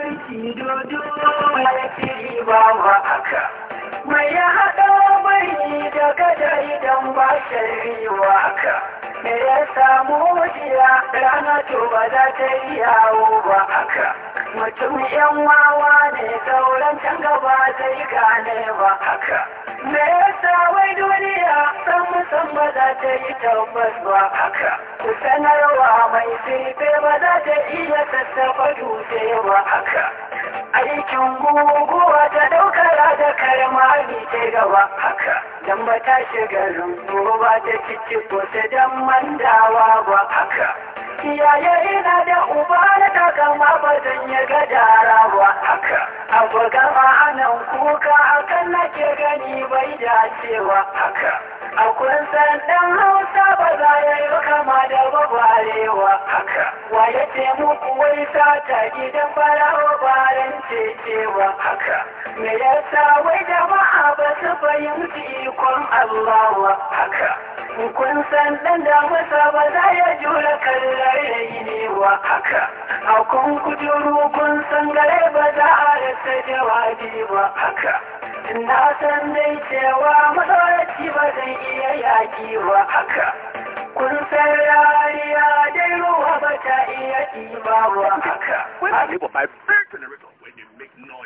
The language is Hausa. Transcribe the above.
ya haɗa da ba ba Mutum yan wawa ne sauran can gaba zai gane ba aka. Me ya sa wai duniya san musamman za ta yi tabbas ba aka, ku sanarwa mai sirfe ba za ta iya sassafa dutse ba haka aikin guguwa ta daukara da karmami ta gaba haka dan ba ta shiga rumbu ba ta cici kusa dan mandawa ba haka iyaye ina da uba na takama ba zan yi gadara ba haka abu gama nan kuka akan nake gani bai dacewa haka a kun san dan hausa ba za ya yi kama wa ya ce muku wai sata gidan barawa bayan cewa. haka me yasa wai jama'a ba su fahimci ikon Allah wa haka kun san ɗan da masa ba za ya jura kallar ne wa haka a kun kujuru kun san gare ba za a rasa jawabi wa haka na san dai cewa mazauraci ba zai iya yaƙi wa haka People by birth in the ritual.